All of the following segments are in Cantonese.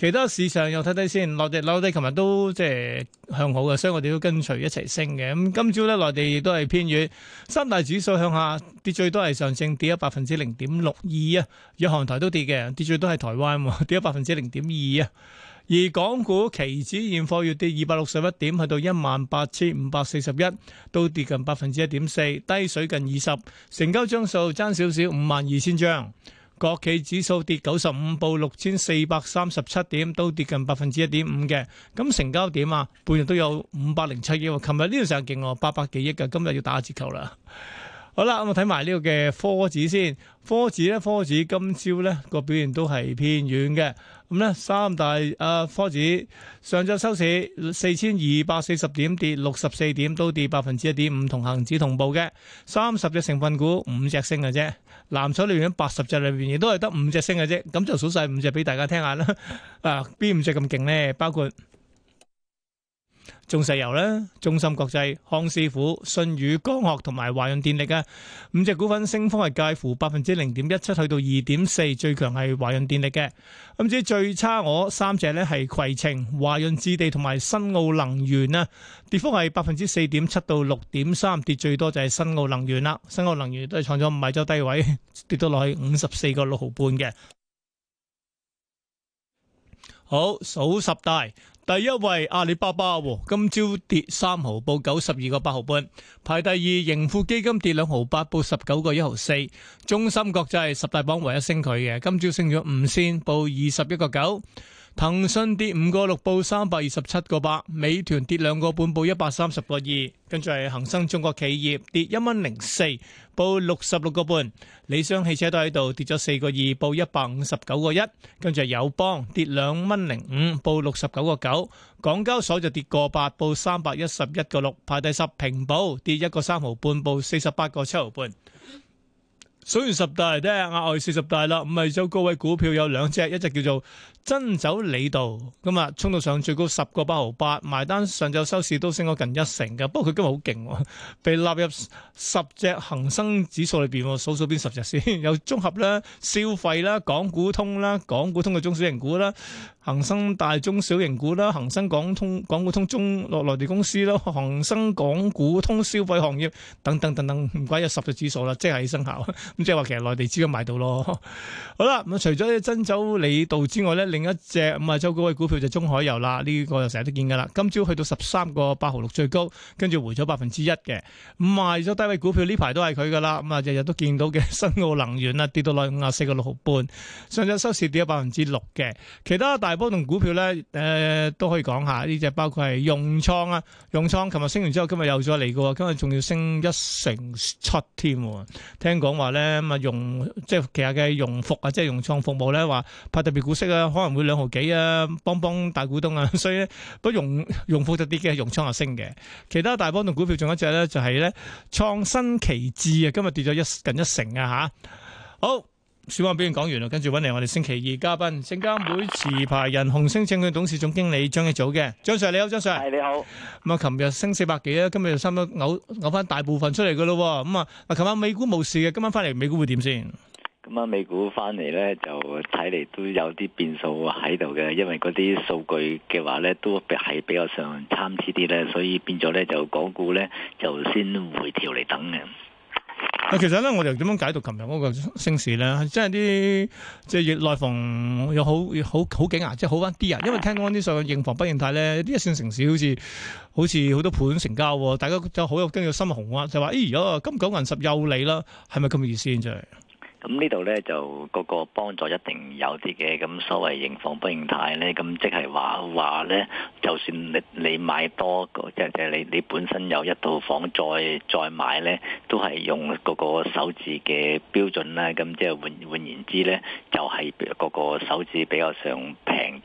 其他市場又睇睇先，內地樓啲，琴日都即係向好嘅，所以我哋都跟隨一齊升嘅。咁今朝咧，內地亦都係偏軟，三大指數向下，跌最多係上證跌咗百分之零點六二啊，日韓台都跌嘅，跌最多係台灣喎，跌咗百分之零點二啊。而港股期指現貨要跌二百六十一點，去到一萬八千五百四十一，都跌近百分之一點四，低水近二十，成交張數爭少少五萬二千張。國企指數跌九十五，報六千四百三十七點，都跌近百分之一點五嘅。咁成交點啊，半日都有五百零七億。琴日呢個時候勁喎，八百幾億噶，今日要打折扣啦。好啦，咁我睇埋呢個嘅科指先，科指咧，科指今朝咧個表現都係偏軟嘅。咁咧，三大啊，科指上晝收市四千二百四十點，跌六十四點，都跌百分之一點五，1, 5，同恒指同步嘅。三十隻成分股五隻升嘅啫，藍籌裏邊八十隻裏邊亦都係得五隻升嘅啫。咁就數晒五隻俾大家聽下啦。啊，邊五隻咁勁咧？包括。中石油咧、中芯國際、康師傅、信宇光學同埋華潤電力啊，五隻股份升幅係介乎百分之零點一七去到二點四，最強係華潤電力嘅。咁至最差我三隻咧係攜程、華潤置地同埋新奧能源啦，跌幅係百分之四點七到六點三，跌最多就係新奧能源啦。新奧能源都係創咗五日咗低位，跌到落去五十四個六毫半嘅。好，數十大第一位阿里巴巴，今朝跌三毫，報九十二個八毫半。排第二盈富基金跌兩毫八，報十九個一毫四。中芯國際十大榜唯一升佢嘅，今朝升咗五仙，報二十一個九。騰訊跌五個六，報三百二十七個八；美團跌兩個半，報一百三十個二。跟住係恒生中國企業跌一蚊零四，報六十六個半。理想汽車都喺度跌咗四個二，報一百五十九個一。跟住友邦跌兩蚊零五，報六十九個九。港交所就跌過八，報三百一十一個六。排第十平報，平保跌一個三毫半，報四十八個七毫半。數完十大咧，額外四十大啦，五日走高位股票有兩隻，一隻叫做珍酒李渡。咁啊衝到上最高十個八毫八，埋單上晝收市都升咗近一成嘅，不過佢今日好勁，被納入十隻恒生指數裏邊，我數數邊十隻先，有綜合啦、消費啦、港股通啦、港股通嘅中小型股啦。恒生大中小型股啦，恒生港通、港股通中落內地公司啦，恒生港股通消費行業等等等等，唔怪有十隻指數啦，即係起生效。咁即係話其實內地資金買到咯。好啦，咁除咗珍酒李渡之外咧，另一隻五廿、嗯、周高位股票就中海油啦，呢、這個就成日都見噶啦。今朝去到十三個八毫六最高，跟住回咗百分之一嘅，賣咗低位股票呢排都係佢噶啦。咁啊日日都見到嘅新奧能源啦，跌到五十四個六毫半，上日收市跌咗百分之六嘅，其他大。波動股票咧，誒、呃、都可以講下呢隻，包括係融創啊，融創，琴日升完之後，今日又再嚟嘅喎，今日仲要升一成七添喎。聽講話咧，咪融即係旗下嘅融服啊，即係融創服務咧，話派特別股息啊，可能會兩毫幾啊，幫幫大股東啊，所以不融融服用就跌嘅，融創啊升嘅。其他大波動股票仲有一隻咧，就係咧創新奇志啊，今日跌咗一近一成啊，吓，好。小王表演講完啦，跟住搵嚟我哋星期二嘉賓，證監會持牌人、紅星證券董事總經理張益祖嘅張 Sir 你好，張 Sir 係你好。咁啊，琴日升四百幾啊，今日就差唔多嘔嘔翻大部分出嚟噶咯。咁啊，嗱，琴晚美股冇事嘅，今晚翻嚟美股會點先？今晚美股翻嚟咧，就睇嚟都有啲變數喺度嘅，因為嗰啲數據嘅話咧都係比較上參差啲咧，所以變咗咧就港股咧就先回調嚟等嘅。其實咧，我哋點樣解讀琴日嗰個升市咧？即係啲即係內房有好好好景啊，即係好返啲啊。因為聽講啲上謂認房不認貸咧，啲一線城市好似好似好多盤成交，啊，大家就好有啲嘅心紅啊。就話咦，如、欸、果、呃、金九銀十又你啦，係咪咁嘅意思先？咁呢度呢，就個個幫助一定有啲嘅，咁所謂認房不認貸呢，咁即係話話呢，就算你你買多個，即係即係你你本身有一套房再，再再買呢都係用嗰個手指嘅標準啦。咁即係換換言之呢，就係嗰個手指比較上。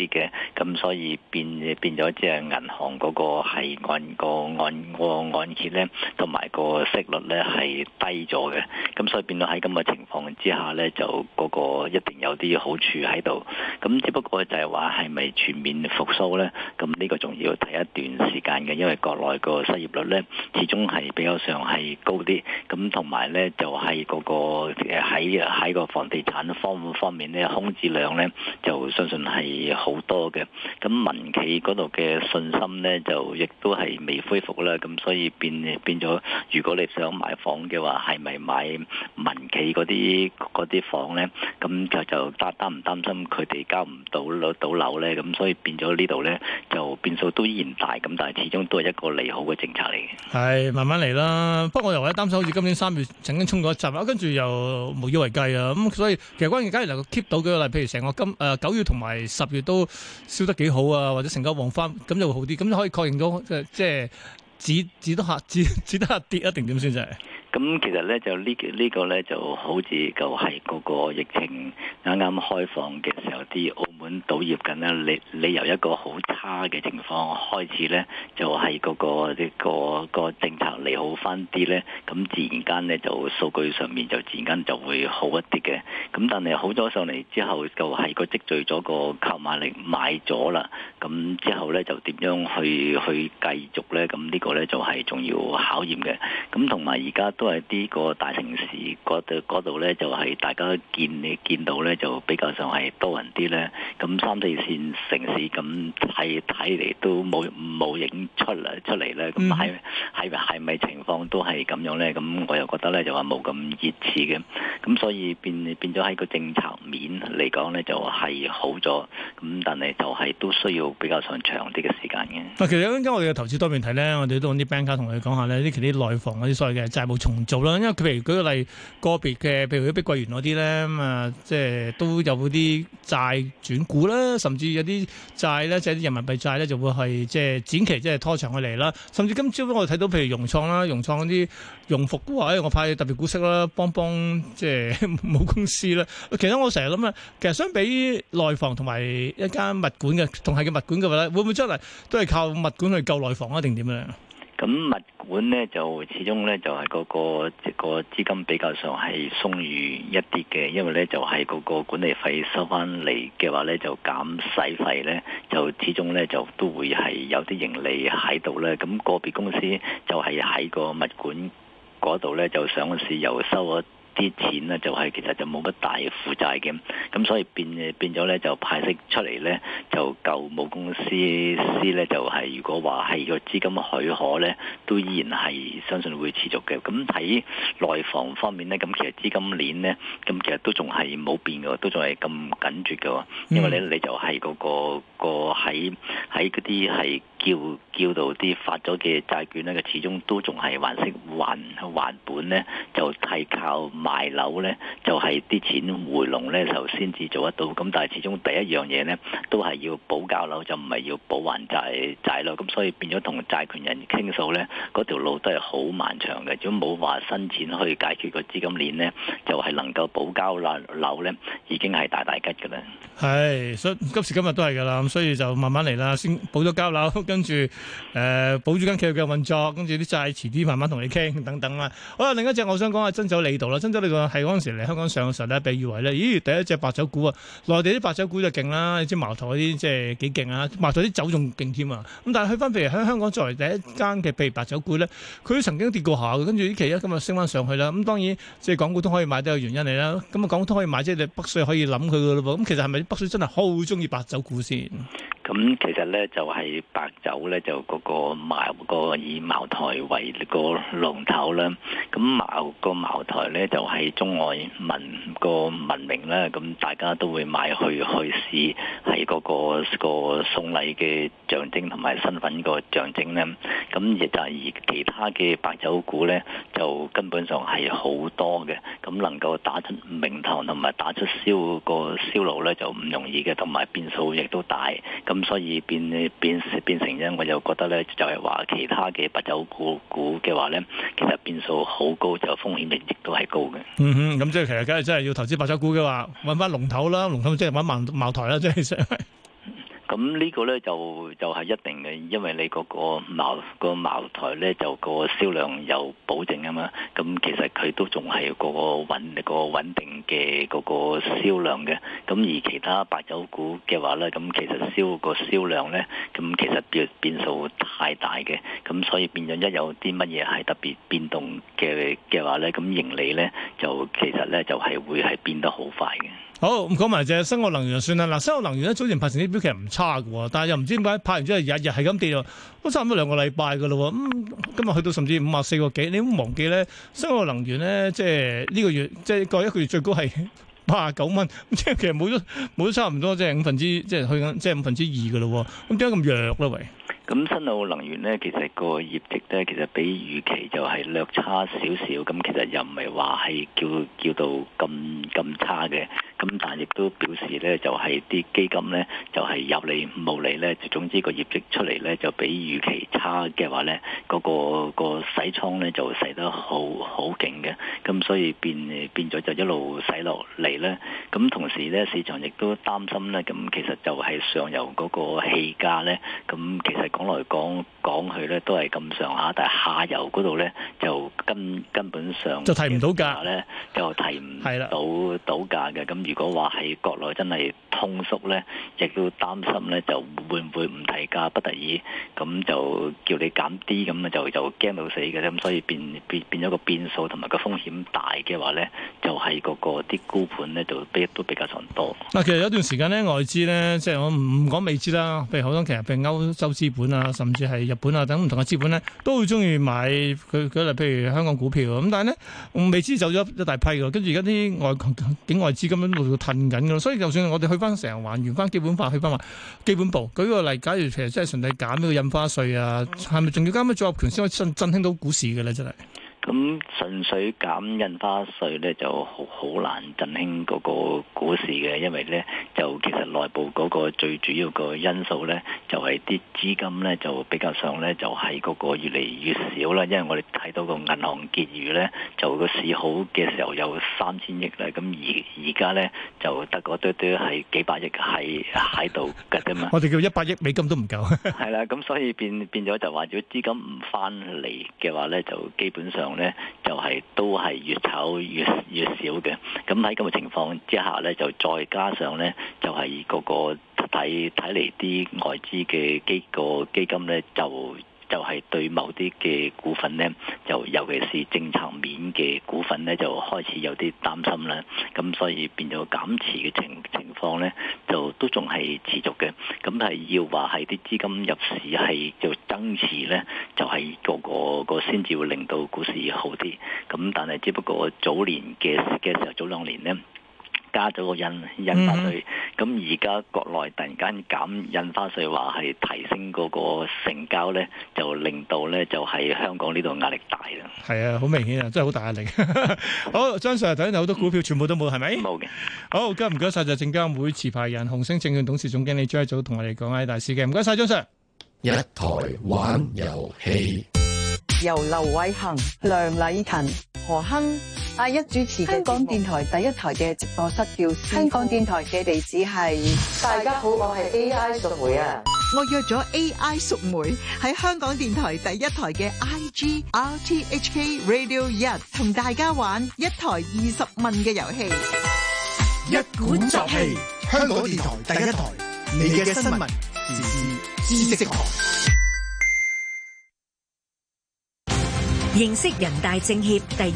啲嘅，咁所以變變咗即係銀行嗰個係按個按個按揭咧，同埋個息率咧係低咗嘅，咁所以變到喺咁嘅情況之下咧，就嗰個一定有啲好處喺度，咁只不過就係話，係咪全面復蘇咧？咁呢個仲要睇一段時間嘅，因為國內個失業率咧始終係比較上係高啲，咁同埋咧就係係嗰個喺喺個房地產方方面咧空置量咧就相信係。好多嘅，咁民企嗰度嘅信心咧，就亦都係未恢復啦。咁所以變變咗，如果你想買房嘅話，係咪買民企嗰啲嗰啲房咧？咁就就擔擔唔擔心佢哋交唔到攞到樓咧？咁所以變咗呢度咧，就變數都依然大。咁但係始終都係一個利好嘅政策嚟嘅。係慢慢嚟啦。不過我又喺擔心，好似今年三月曾經衝過一陣啊，跟住又無以為繼啊。咁、啊、所以其實關鍵梗係能夠 keep 到嘅，例譬如成個金誒九月同埋十月都。都燒得幾好啊，或者成交旺翻，咁就會好啲。咁就可以確認到，即係即係只只得下，只只得下跌啊？定點算就係？咁其實咧就呢個呢個咧就好似就係嗰個疫情啱啱開放嘅時候，啲澳門賭業緊咧，你你由一個好差嘅情況開始咧，就係嗰個呢個個政策利好返啲咧，咁自然間咧就數據上面就自然間就會好一啲嘅。咁但係好咗上嚟之後，就係個積聚咗個購買力買咗啦。咁之後咧就點樣去去繼續咧？咁呢個咧就係仲要考驗嘅。咁同埋而家。都係呢個大城市嗰度嗰度咧，就係大家見你見到咧，就比較上係多人啲咧。咁三四線城市咁睇睇嚟都冇冇影出嚟出嚟咧。咁係係係咪情況都係咁樣咧？咁我又覺得咧就話冇咁熱刺嘅。咁所以變變咗喺個政策面嚟講咧，是就係好咗。咁但係就係都需要比較上長啲嘅時間嘅。啊，其實一陣間我哋嘅投資多面睇咧，我哋都揾啲 banker 同你講下咧，呢其啲內房嗰啲所謂嘅債務做啦，因為佢譬如舉個例，個別嘅譬如啲碧桂園嗰啲咧，咁啊，即係都有嗰啲債轉股啦，甚至有啲債咧，即係啲人民幣債咧，就會係即係展期，即係拖長佢嚟啦。甚至今朝我哋睇到，譬如融創啦，融創嗰啲融服都話，哎，我派特別股息啦，幫幫即係母公司啦。其實我成日諗啊，其實相比內房同埋一間物管嘅，同係嘅物管嘅話咧，會唔會出嚟都係靠物管去救內房啊？定點樣？咁物管呢就始終呢，就係、是、嗰個即，資金比較上係鬆裕一啲嘅，因為呢就係、是、嗰個管理費收返嚟嘅話呢，就減使費呢，就始終呢，就都會係有啲盈利喺度呢。咁、那個別公司就係喺個物管嗰度呢，就上市又收咗。啲錢咧就係其實就冇乜大負債嘅，咁所以變變咗咧就派息出嚟咧就舊母公司司咧就係如果話係個資金許可咧，都依然係相信會持續嘅。咁喺內房方面咧，咁其實資金鏈咧，咁其實都仲係冇變嘅，都仲係咁緊絀嘅。因為咧你就係嗰個喺喺嗰啲係叫叫到啲發咗嘅債券咧，佢始終都仲係還息還還本咧，就係靠。賣樓咧就係、是、啲錢回籠咧就先至做得到，咁但係始終第一樣嘢咧都係要補交樓，就唔係要補還債債樓，咁所以變咗同債權人傾訴咧，嗰條路都係好漫長嘅。如果冇話新錢去解決個資金鏈咧，就係、是、能夠補交樓樓咧，已經係大大吉㗎啦。係，所以今時今日都係㗎啦，咁所以就慢慢嚟啦，先補咗交樓，跟住誒、呃、保住間企業嘅運作，跟住啲債遲啲慢慢同你傾等等啦。好啦，另一隻我想講下珍酒李渡啦，呢你話係嗰陣時嚟香港上嘅時候咧，被譽為咧，咦？第一隻白酒股啊，內地啲白酒股就勁啦，你知茅台嗰啲即係幾勁啊，茅台啲酒仲勁添啊！咁但係去分譬如喺香港作為第一間嘅譬如白酒股咧，佢曾經跌過下，跟住呢期一今日升翻上去啦。咁當然即係港股都可以買，都有原因嚟啦。咁啊，港股都可以買，即係北水可以諗佢噶咯噃。咁其實係咪北水真係好中意白酒股先？咁、嗯、其實咧就係、是、白酒咧就嗰、那個茅個以茅台為個龍頭啦。咁茅個茅台咧就係、是、中外文、那個文明啦。咁大家都會買去去試，係嗰、那個送禮嘅象徵同埋身份個象徵咧。咁亦就係而其他嘅白酒股咧，就根本上係好多嘅。咁能夠打出名頭同埋打出銷個銷路咧就唔容易嘅，同埋變數亦都大，咁所以變變變成咧，我又覺得咧就係話其他嘅白酒股股嘅話咧，其實變數好高，就風險亦都係高嘅。嗯哼，咁即係其實梗係真係要投資白酒股嘅話，揾翻龍頭啦，龍頭即係揾茅茅台啦，即係。 咁呢個呢，就就係一定嘅，因為你個個茅個茅台呢，就個銷量有保證啊嘛，咁其實佢都仲係個穩個穩定嘅嗰個銷量嘅。咁而其他白酒股嘅話呢，咁其實銷個銷量呢，咁其實變變數太大嘅，咁所以變咗一有啲乜嘢係特別變動嘅嘅話呢，咁盈利呢，就其實呢，就係會係變得好快嘅。好，咁講埋就係新奧能源就算啦。嗱，新奧能源咧，早前拍成啲表其實唔差嘅喎，但係又唔知點解拍完之後日日係咁跌喎，都差唔多兩個禮拜嘅咯喎。咁、嗯、今日去到甚至五啊四個幾，你都忘記咧？新奧能源咧，即係呢個月即係過一個月最高係八十九蚊，即係其實冇咗冇咗差唔多即係五分之即係去緊即係五分之二嘅咯喎。咁點解咁弱咧？喂。咁新奧能源咧，其實個業績咧，其實比預期就係略差少少。咁其實又唔係話係叫叫到咁咁差嘅。咁但係亦都表示咧，就係、是、啲基金咧，就係、是、有利無利咧。總之個業績出嚟咧，就比預期差嘅話咧，嗰、那個個。那個底倉咧就洗得好好勁嘅，咁所以變變咗就一路洗落嚟咧。咁同時咧，市場亦都擔心咧，咁其實就係上游嗰個氣價咧，咁其實講來講講去咧都係咁上下，但係下游嗰度咧就根根本上就提唔到價咧，就提唔到到的價嘅。咁如果話係國內真係通縮咧，亦都擔心咧就會唔會唔提價，不得已咁就叫你減啲，咁就就驚到死。咁所以變變變咗個變數，同埋個風險大嘅話咧，就係嗰個啲沽盤咧就比都比較多。嗱，其實有段時間咧，外資咧，即係我唔講未知啦，譬如好多其實譬如歐洲資本啊，甚至係日本啊等唔同嘅資本咧，都好中意買佢佢例如譬如香港股票咁，但係咧未知走咗一大批嘅，跟住而家啲外境外資金咧喺度褪緊嘅，所以就算我哋去翻成日還完翻基本法，去翻埋基本部，舉個例，假如其實即係純粹減呢個印花稅啊，係咪仲要加咩組合拳先可以振振興到？股市噶啦，真係。純粹減印花稅咧，就好難振興嗰個股市嘅，因為咧就其實內部嗰個最主要個因素咧，就係啲資金咧就比較上咧就係、是、嗰個越嚟越少啦。因為我哋睇到個銀行結餘咧，就個市好嘅時候有三千億啦，咁而而家咧就得嗰啲啲係幾百億係喺度㗎嘛。 我哋叫一百億美金都唔夠，係 啦，咁所以變變咗就話，如果資金唔翻嚟嘅話咧，就基本上咧。就係都係越炒越越少嘅，咁喺咁嘅情況之下咧，就再加上咧，就係嗰個睇睇嚟啲外資嘅基個基金咧就。就係對某啲嘅股份呢，就尤其是政策面嘅股份呢，就開始有啲擔心啦。咁所以變咗減持嘅情情況呢，就都仲係持續嘅。咁係要話係啲資金入市係就增持呢，就係個個先至會令到股市好啲。咁但係只不過早年嘅嘅時候，早兩年呢，加咗個印印勢。咁而家國內突然間減印花稅，話係提升嗰個成交咧，就令到咧就係香港呢度壓力大啦。係啊，好明顯啊，真係好大壓力。好，張 Sir 睇到好多股票全部都冇，係咪？冇嘅。好，今日唔該晒就證監會持牌人、紅星證券董事總經理張益祖同我哋講下大師嘅。唔該晒張 Sir。一台玩遊戲，由劉偉恆、梁禮騰。和亨阿一主持，香港電台第一台嘅直播室叫香港電台嘅地址係。大家好，我係 AI 淑梅啊！我約咗 AI 淑梅喺香港電台第一台嘅 IG RTHK Radio 一，同大家玩一台二十問嘅遊戲，一鼓作氣！香港電台第一台，台一台你嘅新聞時事知識。知識認識人大政協第二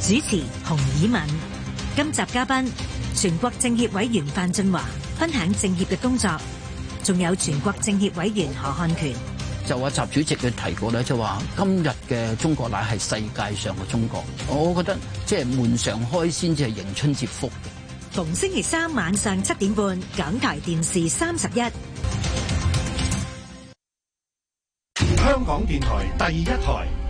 季，主持洪以敏。今集嘉賓全國政協委員范俊華分享政協嘅工作，仲有全國政協委員何漢權。就話習主席嘅提過咧，就話今日嘅中國乃係世界上嘅中國。我覺得即係門常開先至係迎春接福。逢星期三晚上七點半，港台電視三十一，香港電台第一台。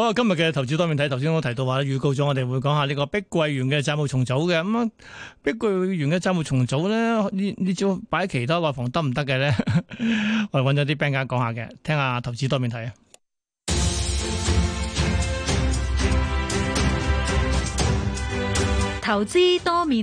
好，今日嘅投資多面睇。頭先我提到話預告咗，我哋會講下呢個碧桂園嘅債務重組嘅。咁、嗯、啊，碧桂園嘅債務重組咧，你你仲擺喺其他內房得唔得嘅咧？ 我哋揾咗啲 b a 專家講下嘅，聽下投資多面睇啊！投資多面。